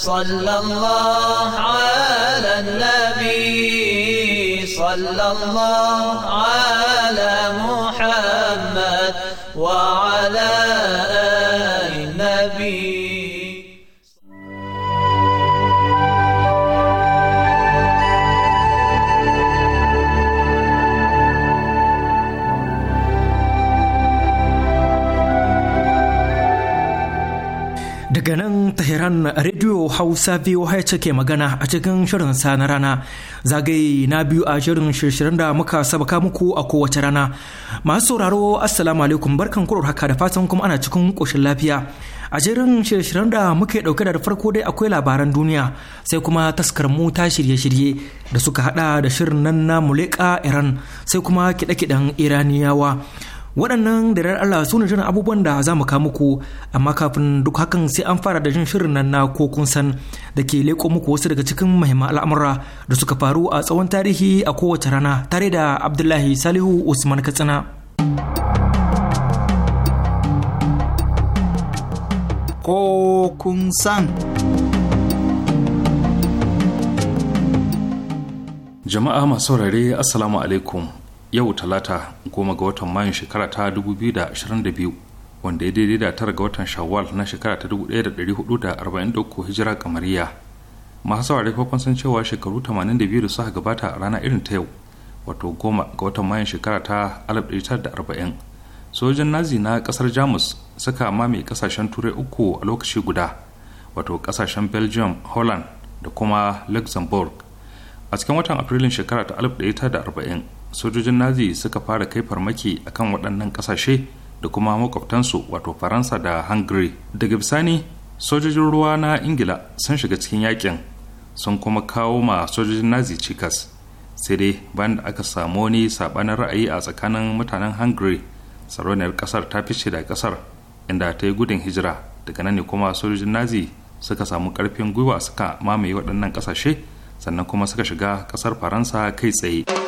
صلى الله على النبي صلى الله على محمد وعلى Daga nan Tehran Radio Hausa VOH ke magana a cikin shirin sa na rana zagaye na biyu a shirin shirin da muka sabaka muku a kowace rana. Masu sauraro Assalamu alaikum barkan kurar haka da fatan kuma ana cikin koshin lafiya. A jerin shirin da muke ɗauke da farko dai akwai labaran duniya sai kuma taskar mu ta shirye-shirye da suka hada da shirin nan na Muleka Iran sai kuma kiɗe-kiɗen Iraniyawa. waɗannan da rar Allah su ne shirin abubuwan da za mu kawo muku amma kafin duk hakan sai an fara da jin shirin nan na ko kun san da ke leƙo muku wasu daga cikin muhimman al'amura da suka faru a tsawon tarihi a kowace rana tare da Abdullahi Salihu Usman Katsina. Ko kun san. Jama'a masu saurare Assalamu alaikum yau talata goma ga watan mayun shekara ta 2022 wanda ya daidai da tara ga watan shawwal na shekara ta 1443 hijira kamariya masu saurari ko san cewa shekaru 82 da suka gabata a rana irin ta yau wato goma ga watan mayun shekara ta 1940 Sojan nazi na kasar jamus suka mame kasashen turai uku a lokaci guda wato kasashen belgium holland da kuma luxembourg a cikin watan afrilun shekara ta 1940 sojojin nazi suka fara kai farmaki a kan waɗannan ƙasashe da kuma makwabtansu wato faransa da hungary daga bisani sojojin ruwa na ingila sun shiga cikin yakin sun kuma kawo ma sojojin nazi cikas sai dai bayan da aka samu wani sabanin ra'ayi a tsakanin mutanen hungary sarauniyar ƙasar ta fice da kasar inda ta yi gudun hijira daga nan ne kuma sojojin nazi suka samu ƙarfin gwiwa suka mamaye waɗannan ƙasashe sannan kuma suka shiga ƙasar faransa kai tsaye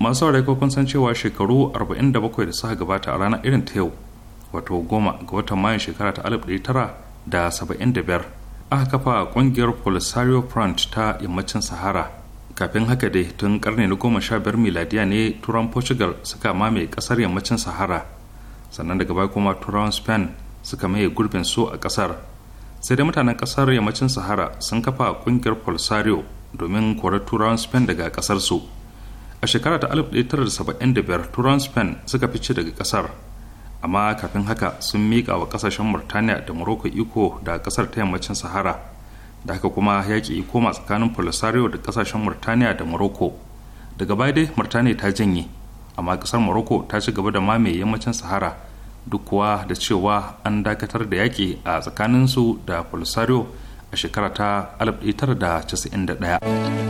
masu saurari ko kun san cewa shekaru 47 da suka gabata a rana irin ta yau wato goma ga watan mayan shekara ta 1975 aka kafa kungiyar polisario front ta yammacin sahara kafin haka dai tun karni na goma sha biyar miladiya ne turan portugal suka mamaye kasar yammacin sahara sannan daga baya kuma turan spain suka maye gurbin su a kasar sai dai mutanen kasar yammacin sahara sun kafa kungiyar polisario domin korar turan spain daga kasar su a shekara ta 1975 turan spain suka fice daga kasar amma kafin haka sun miƙa wa kasashen murtaniya da morocco iko da kasar ta yammacin sahara da haka kuma yaƙi koma tsakanin polisario da kasashen murtaniya da morocco daga baya dai murtaniya ta janye amma kasar morocco ta ci gaba da mamaye yammacin sahara duk kuwa da cewa an dakatar da yaƙi a tsakaninsu da polisario a shekara ta 1991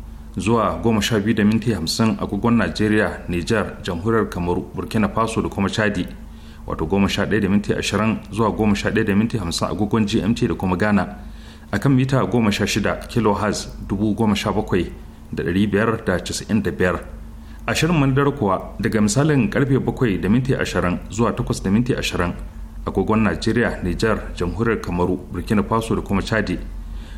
zuwa goma sha biyu da minti hamsin agogon najeriya niger jamhuriyar kamaru burkina faso da kuma chadi wato 11:20 sha ɗaya da zuwa goma sha ɗaya agogon gmt da kuma ghana a kan mita goma sha shida A dubu goma sha bakwai da ɗari biyar da biyar ashirin manadar kuwa daga misalin karfe bakwai da minti ashirin zuwa takwas da minti ashirin agogon najeriya niger jamhuriyar kamaru burkina faso da kuma chadi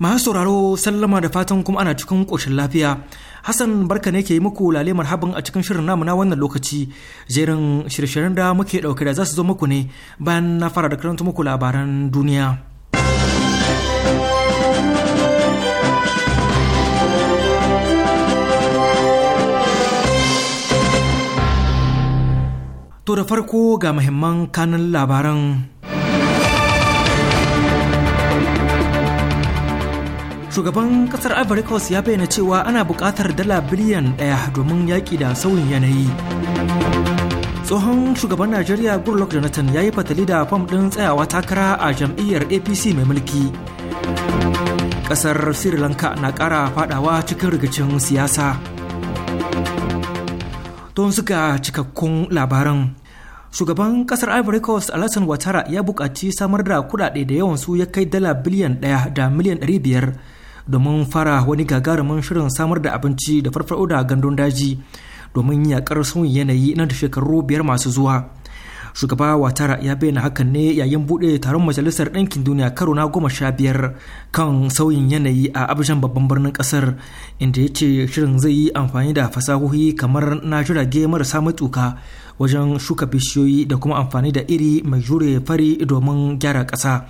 Masu sauraro sallama da fatan kuma ana cikin ƙoshin lafiya. Hassan barka ne ke yi muku lale marhaban a cikin shirin namu na wannan lokaci. Jerin shirye-shiryen da muke ɗauke da za su zo muku ne bayan na fara da karanta muku labaran duniya. To da farko ga muhimman kanin labaran shugaban kasar ivory coast ya bayyana cewa ana buƙatar dala biliyan ɗaya domin yaƙi da sauyin yanayi tsohon shugaban najeriya goodluck jonathan ya yi fatali da fam ɗin tsayawa takara a jam'iyyar apc mai mulki ƙasar sri lanka na ƙara faɗawa cikin rigicin siyasa don suka cikakkun labaran shugaban ƙasar ivory coast alassane watara ya buƙaci samar da kuɗaɗe da yawan su ya kai dala biliyan ɗaya da miliyan ɗari biyar domin fara wani gagarumin shirin samar da abinci da farfado da gandun daji domin yakar sauyin yanayi na da shekaru biyar masu zuwa shugaba watara ya bayyana hakan ne yayin bude taron majalisar ɗinkin duniya karo na goma sha biyar kan sauyin yanayi a abijan babban birnin ƙasar inda ya ce shirin zai yi amfani da fasahohi kamar na jirage marasa tuka wajen shuka bishiyoyi da kuma amfani da iri mai jure fari domin gyara ƙasa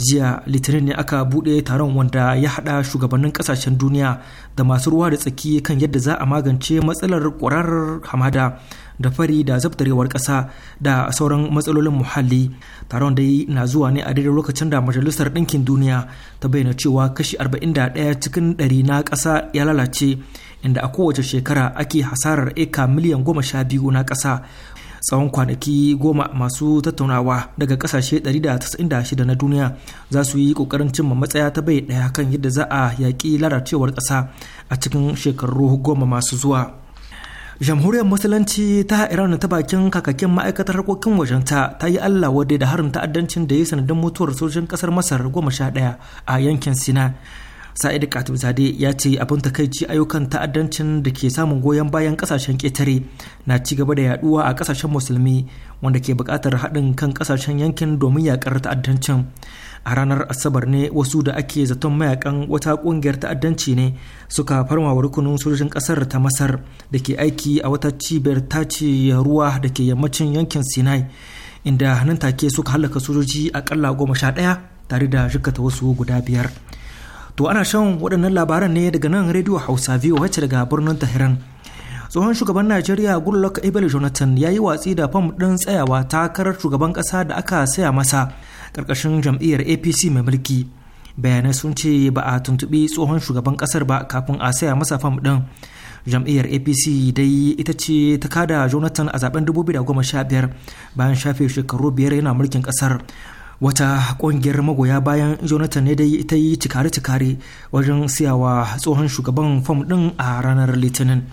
jiya litinin ne aka buɗe taron wanda ya haɗa shugabannin ƙasashen duniya da masu ruwa da tsaki kan yadda za a magance matsalar ƙwararar hamada da fari da zabtarewar ƙasa da sauran matsalolin muhalli taron dai na zuwa ne a daidai lokacin da majalisar ɗinkin duniya ta bayyana cewa kashi 41 cikin 100 na ƙasa ya lalace inda a kowace shekara ake hasarar eka miliyan 12 na ƙasa tsawon kwanaki goma masu tattaunawa daga kasashe 196 na duniya za su yi kokarin cimma matsaya ta bai daya kan yadda za a yaƙi lalacewar ƙasa a cikin shekaru goma masu zuwa jamhuriyar musulunci ta iran ta bakin kakakin ma'aikatar harkokin wajen ta ta yi allah wadai da harin ta'addancin da ya sanadin mutuwar sojin kasar masar goma sha daya a yankin sina sa'id katib zade ya ce abin takaici ayyukan ta'addancin da ke samun goyon bayan kasashen ƙetare na ci gaba da yaduwa a kasashen musulmi wanda ke buƙatar haɗin kan kasashen yankin domin yakar ta'addancin a ranar asabar ne wasu da ake zaton mayakan wata ƙungiyar ta'addanci ne suka farma wa rukunin sojojin ƙasar ta masar da ke aiki a wata cibiyar tace ruwa da ke yammacin yankin sinai inda nan take suka halaka sojoji akalla goma sha ɗaya tare da jikata wasu guda biyar To ana shan waɗannan labaran ne daga nan rediyo Hausa wacce daga birnin Tahiran. Tsohon shugaban Najeriya Goodluck Ebele Jonathan ya yi watsi da fam ɗin tsayawa takarar shugaban ƙasa da aka saya masa ƙarƙashin jam'iyyar APC mai mulki. Bayanai sun ce ba a tuntuɓi tsohon shugaban ƙasar ba kafin a saya masa fam ɗin. jam'iyyar apc dai ita ce ta kada jonathan a zaben 2015 bayan shafe shekaru biyar yana mulkin ƙasar. wata kungiyar magoya bayan jonathan ne dai ta yi cikare-cikare wajen siyawa tsohon shugaban fom din a ranar litinin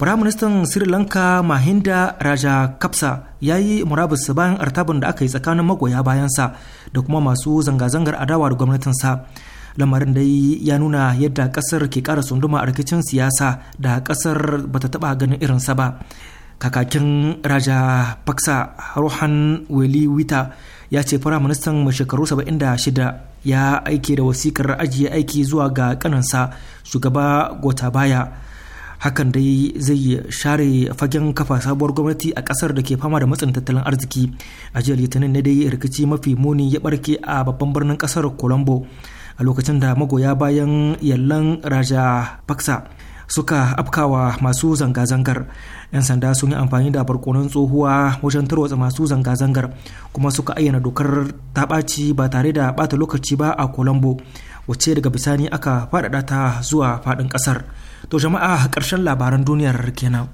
firaministan sri lanka mahinda raja kapsa ya yi murabus bayan artabin da aka yi tsakanin magoya bayansa da kuma masu zanga-zangar adawa da gwamnatinsa lamarin dai ya nuna yadda kasar ke kara sunduma a rikicin siyasa da kasar ba ta taba ganin irinsa ba kakakin raja paksa rohan weliwita ya ce firaministan mai shekaru 76 ya aike da wasikar ajiye aiki zuwa ga kanansa shugaba gota baya hakan dai zai share fagen kafa sabuwar gwamnati a kasar da ke fama da matsin tattalin arziki a jiya litinin na dai rikici mafi muni ya barke a babban birnin kasar colombo a lokacin da magoya bayan yallan raja paksa suka afkawa masu zanga-zangar 'yan sanda sun yi amfani da barkonon tsohuwa wajen tarwatsa masu zanga-zangar kuma suka ayyana dokar ta ɓaci ba tare da ɓata lokaci ba a colombo wacce daga bisani aka faɗaɗa ta zuwa faɗin ƙasar to jama'a ƙarshen labaran duniyar kenan.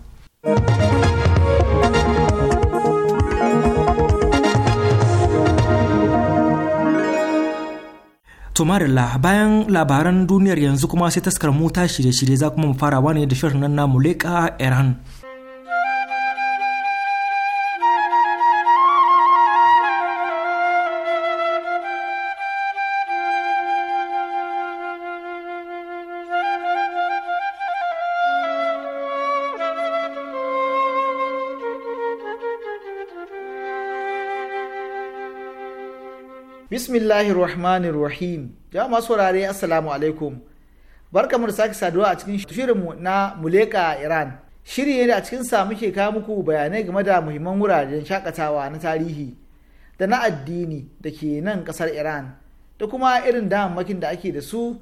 To Marilla bayan labaran duniyar yanzu kuma sai taskar mu ta shirye-shirye za kuma mu fara wani da shirin nan na Muleka Iran. bismillahir rahmanir rahim ya masu wurare assalamu alaikum barka mu da sake saduwa a cikin shirinmu na muleka iran shiri ne da a samu muke kawo muku bayanai game da muhimman wuraren shakatawa na tarihi da na addini da ke nan kasar iran da kuma irin damammakin da ake da su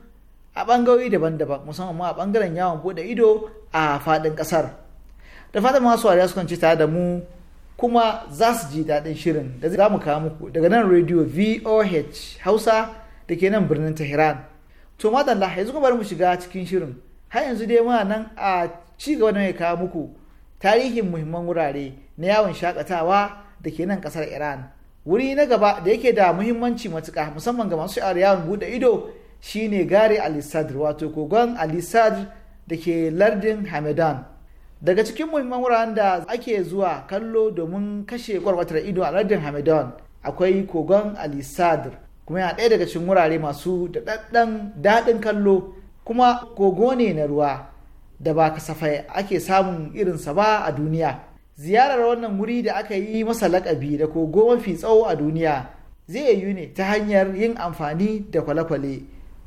a bangarori daban-daban musamman ma a bangaren yawon bude ido a faɗin kasar da fatan masu wariya sukan ci tare da mu kuma za su ji daɗin shirin da za mu kawo muku daga nan rediyo voh hausa da ke nan birnin tehran to madalla yanzu kuma bari mu shiga cikin shirin har yanzu dai muna nan a ci gaba da mai kawo muku tarihin muhimman wurare na yawon shakatawa da ke nan ƙasar iran wuri na gaba da yake da muhimmanci matuka musamman ga masu sha'awar yawon buɗe ido shine gare alisadr wato kogon alisadr da ke lardin hamadan daga cikin muhimman wuraren da ake zuwa kallo domin kashe kwarkwatar ido a lardin hamadan akwai kogon alisadr kuma yana ɗaya daga cikin wurare masu daɗaɗɗen daɗin kallo kuma kogo ne na ruwa da ba kasafai ake samun irinsa ba a duniya ziyarar wannan wuri da aka yi masa lakabi da kogo mafi tsawo a duniya zai yiwu ne ta hanyar yin amfani da kwale-kwale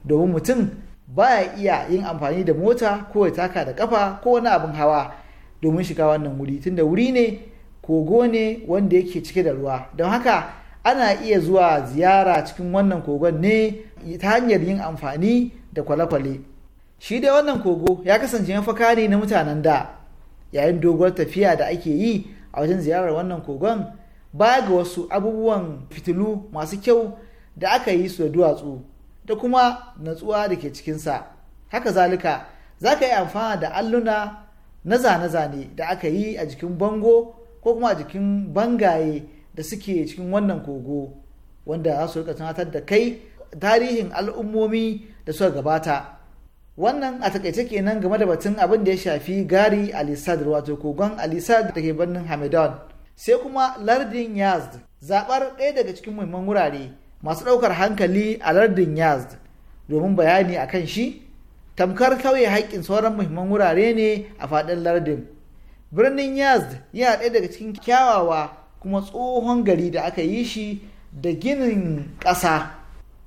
domin mutum baya iya yin amfani da mota ko ya taka da kafa ko wani abin hawa domin shiga wannan wuri tunda wuri ne kogo ne wanda yake cike da ruwa don haka ana iya zuwa ziyara cikin wannan kogon ne ta hanyar yin amfani da kwale-kwale shi dai wannan kogo ya kasance mafaka ne na mutanen da yayin doguwar tafiya da ake yi a wajen ziyarar wannan kogon ba ga wasu abubuwan fitilu masu kyau da aka yi su da duwatsu da kuma natsuwa da ke cikinsa haka zalika za ka yi amfana da alluna na zane-zane da aka yi a jikin bango ko kuma a jikin bangaye da suke cikin wannan kogo wanda za su rika tunatar da kai tarihin al'ummomi da suka gabata wannan a takaice kenan game da batun abin da ya shafi gari alisad wato kogon alisad da ke birnin hamadan sai kuma lardin yazd zaɓar ɗaya daga cikin muhimman wurare masu ɗaukar hankali a lardin yazd domin bayani akan shi tamkar kauye haƙƙin sauran muhimman wurare ne a faɗin lardin birnin yazd yana ɗaya daga cikin kyawawa kuma tsohon gari da aka yi shi da ginin ƙasa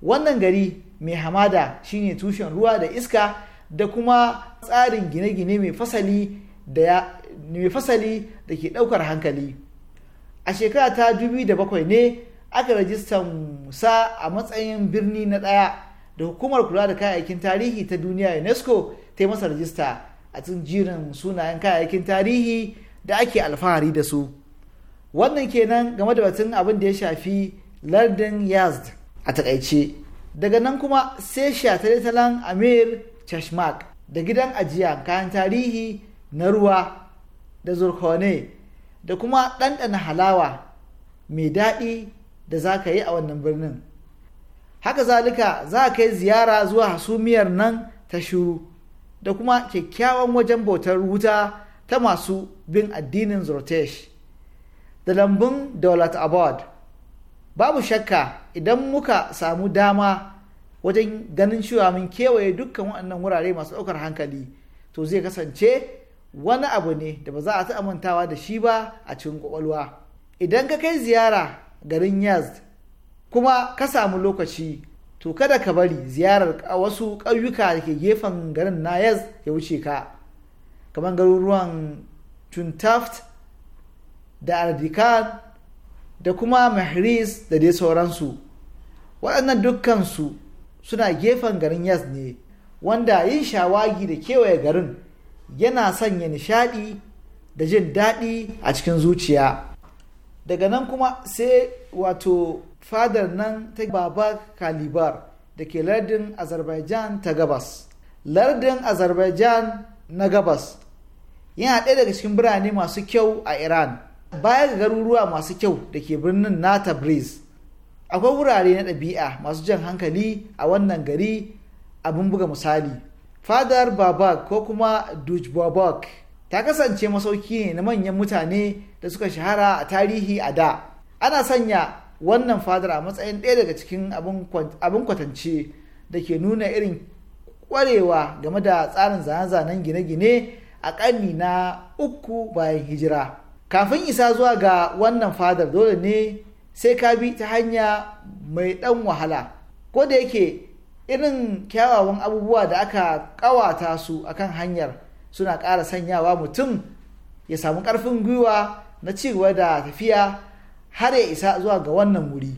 wannan gari mai hamada shine tushen ruwa da iska da kuma tsarin gine-gine mai fasali da ke ɗaukar hankali a shekara ta 2007 ne aka rajistan sa a matsayin birni na ɗaya da hukumar kula da kayayyakin tarihi ta duniya unesco ta yi masa rajista a cikin jirin sunayen kayayyakin tarihi da ake alfahari da su wannan kenan game da batun abin da ya shafi lardin yazd a takaice daga nan kuma sai shataletalen amir chashmak da gidan ajiya kayan tarihi na ruwa da zurkone da kuma ɗanɗana halawa mai daɗi da za ka yi a wannan birnin haka zalika za a kai ziyara zuwa hasumiyar nan ta shuru da kuma kyakkyawan wajen bautar wuta ta masu bin addinin zortesh da lambun dolat abad babu shakka idan muka samu dama wajen ganin cewa mun kewaye dukkan waɗannan wurare masu ɗaukar hankali to zai kasance wani abu ne da ba za a ta amintawa da shi ba a cikin kwakwalwa idan ka kai ziyara garin yazd kuma ka samu lokaci to kada ka bari ziyarar wasu ƙauyuka da ke gefen garin na yas ya wuce ka kamar garuruwan tuntaft da ardikan da kuma mahris da dai sauransu waɗannan dukkansu suna gefen garin yas ne wanda yin shawagi da kewaye garin yana sanya nishaɗi da jin daɗi a cikin zuciya daga nan kuma sai wato fadar nan ta baba kalibar da ke lardin azerbaijan ta gabas lardin azerbaijan na gabas yana ɗaya daga cikin birane masu kyau a iran baya ga garuruwa masu kyau da ke birnin na tabriz akwai wurare na ɗabi'a masu jan hankali a wannan gari abin buga misali fadar babak ko kuma duj babak ta kasance masauki ne na manyan mutane da suka shahara a tarihi a da ana sanya wannan fadar a matsayin ɗaya daga cikin abin kwatance da ke nuna irin ƙwarewa game da tsarin zane-zanen gine-gine a ƙarni na uku bayan hijira kafin isa zuwa ga wannan fadar dole ne sai ka bi ta hanya mai ɗan wahala ko da yake irin kyawawan abubuwa da aka ƙawata su akan hanyar suna ƙara sanyawa mutum ya samu ƙarfin gwiwa na cigaba da tafiya har ya isa zuwa ga wannan wuri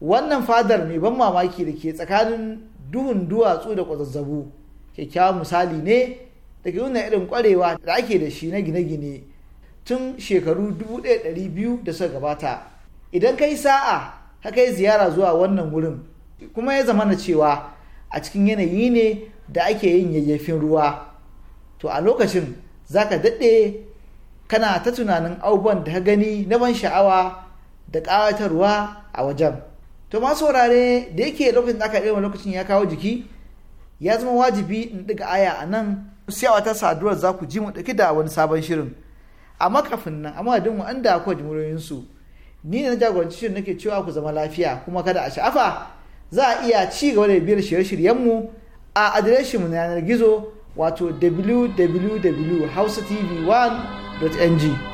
wannan fadar mai ban mamaki da ke tsakanin duhun duwatsu da kwazazzabu kyakkyawan misali ne da ke nuna irin kwarewa da ake da shi na gine-gine tun shekaru 1200 da suka gabata idan kai sa'a ka kai ziyara zuwa wannan wurin kuma ya zama na cewa a cikin yanayi ne da ake yin yayyafin ruwa to a lokacin za ka daɗe kana ta tunanin abubuwan da ka gani na ban sha'awa da ƙawatarwa a wajen to ma saurare da yake lokacin da aka ɗaya lokacin ya kawo jiki ya zama wajibi in ɗiga aya a nan sai a wata saduwar za ku ji mu ɗauki da wani sabon shirin amma kafin nan amma din wanda akwai jimuriyoyinsu ni na jagoranci shirin nake cewa ku zama lafiya kuma kada a sha'afa za a iya ci gaba da biyar shirye-shiryenmu a adireshinmu na yanar gizo wato www.hausatv1.ng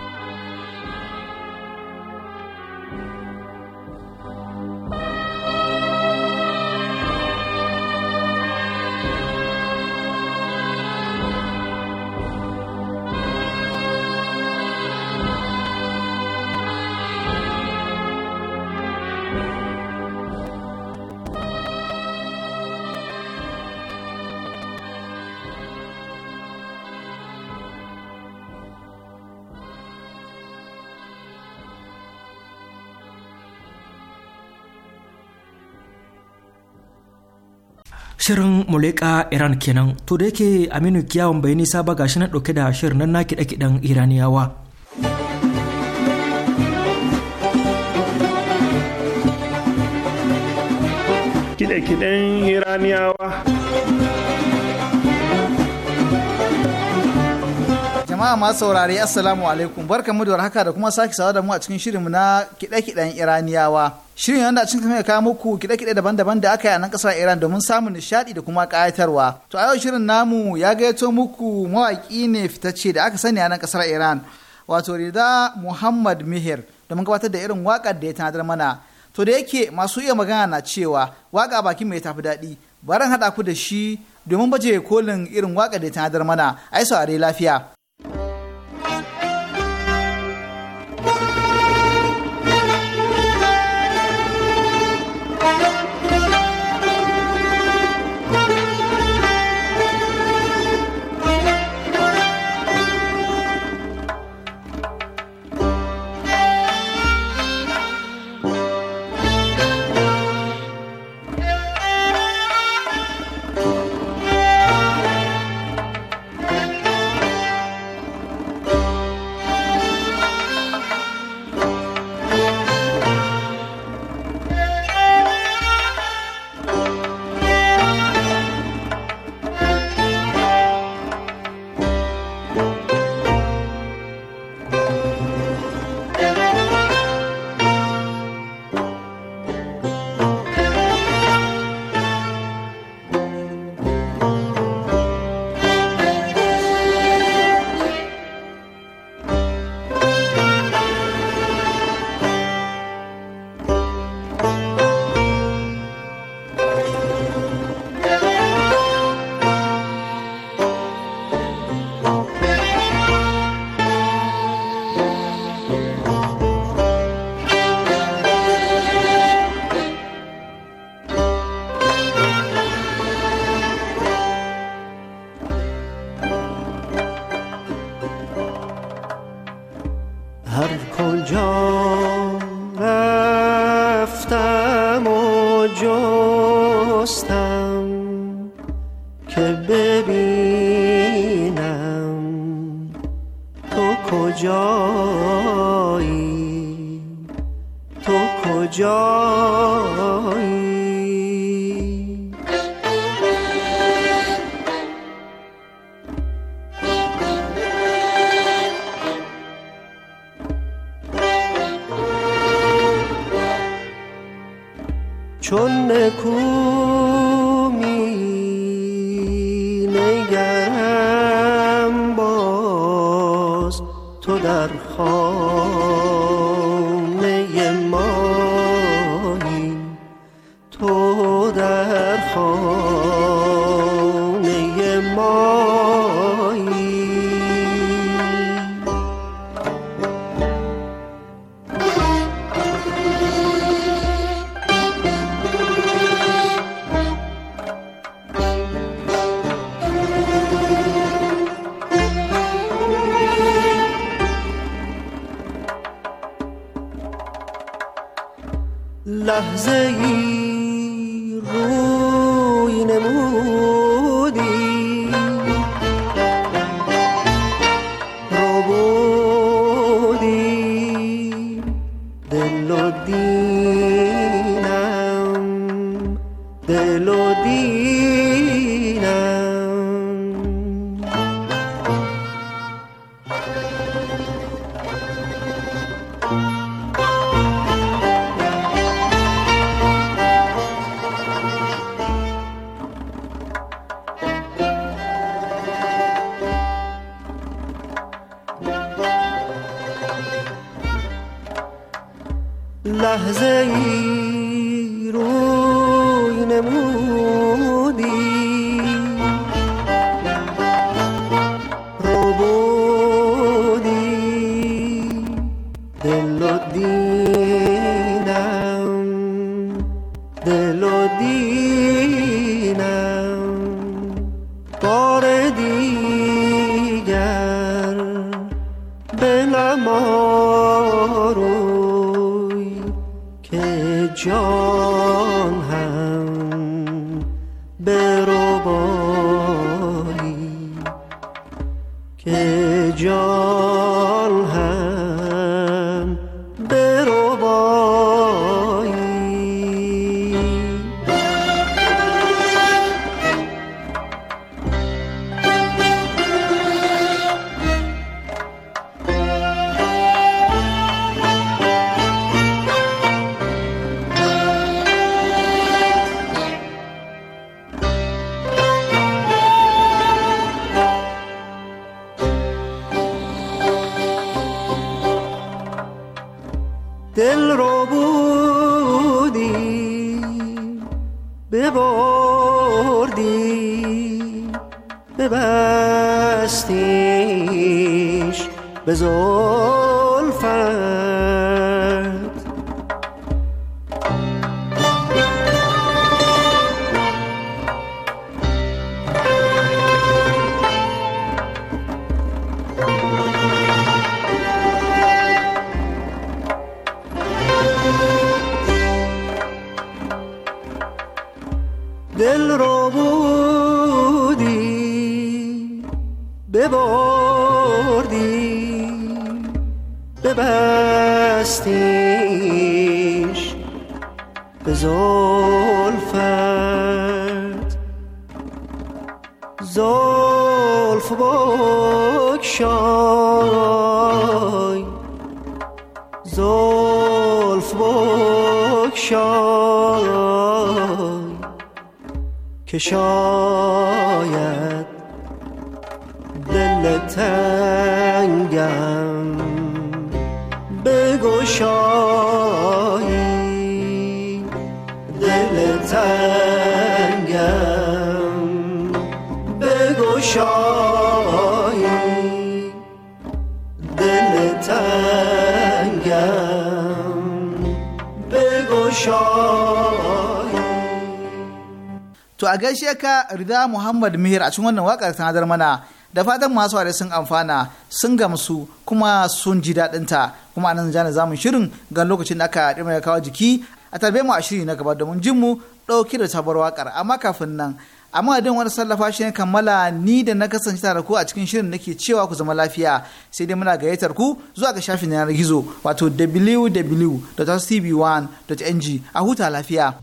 Shirin Muleka Iran kenan to da yake Aminu Kiyawan bai nisa ba gashi na ɗauke da shirin nan na kiɗe kiɗan Iraniyawa. Kiɗe-kiɗen Iraniyawa. Jama'a masu saurari Assalamu alaikum barkamu da haka da kuma sake sawa da mu a cikin shirinmu na kiɗe-kiɗen Iraniyawa. Shirin yanda cin kamar kawo muku kide-kide daban-daban da aka yi a nan kasar Iran domin samun nishadi da kuma kayatarwa To a yau shirin namu ya gayyato muku mawaƙi ne fitacce da aka sani a nan kasar Iran. Wato Rida Muhammad Mihir domin gabatar da irin waƙar da ya tanadar mana. To da yake masu iya magana na cewa waƙa bakin mai tafi daɗi. barin haɗa ku da shi domin baje kolin irin waƙar da ya tanadar mana. Ai saurare lafiya. لحظه ای روی نمود دل رو بودی ببردی ببستیش به زلفت زلف بکشای زلف بکشای که شاید دل تنگم بگشای To a gaishe ka Rida Muhammad Mihir a cikin wannan waƙar ta mana da fatan masu ware sun amfana sun gamsu kuma sun ji daɗin ta kuma anan jana zamun shirin ga lokacin da aka ɗima ya kawo jiki a tarbe mu a shiri na gaba domin jin mu ɗauki da sabar waƙar amma kafin nan amma din wani sallafa shi ne kammala ni da na kasance tare ku a cikin shirin nake cewa ku zama lafiya sai dai muna gayyatar ku zuwa ga shafin yanar gizo wato www.tv1.ng a huta lafiya.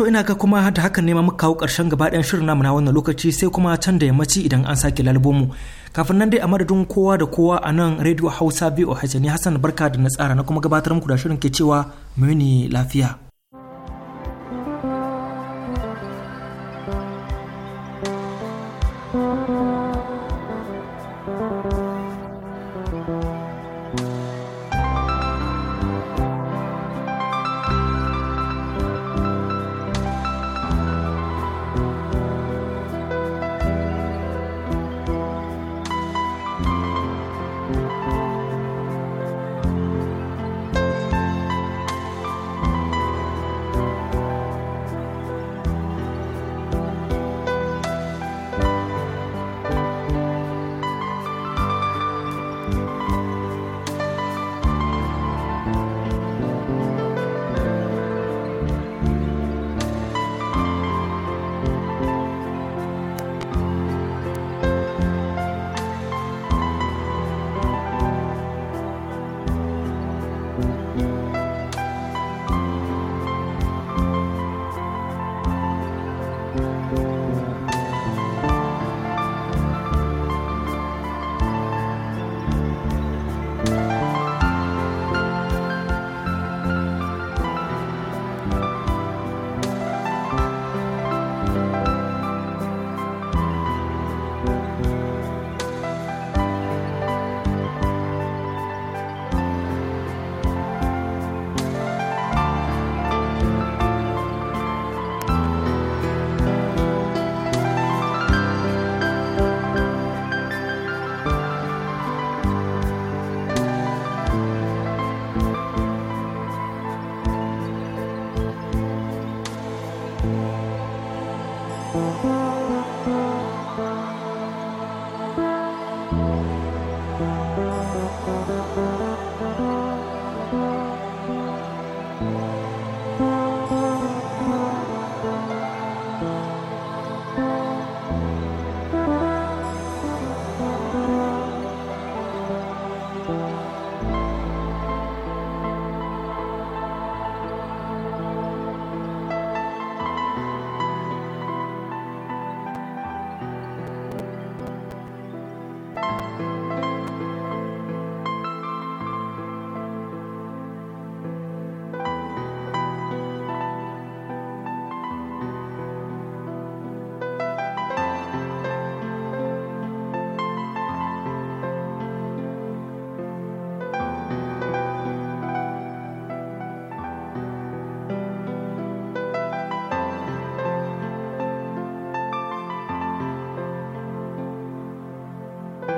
To ina ga kuma da hakan ne muka kawo ƙarshen gaba ɗayan shirin namu na wannan lokaci sai kuma can da yammaci idan an sake mu Kafin nan dai a madadin kowa da kowa a nan Radio Hausa BOH ne Hassan Barka da na tsara na kuma gabatar muku da shirin ke cewa muni lafiya. thank you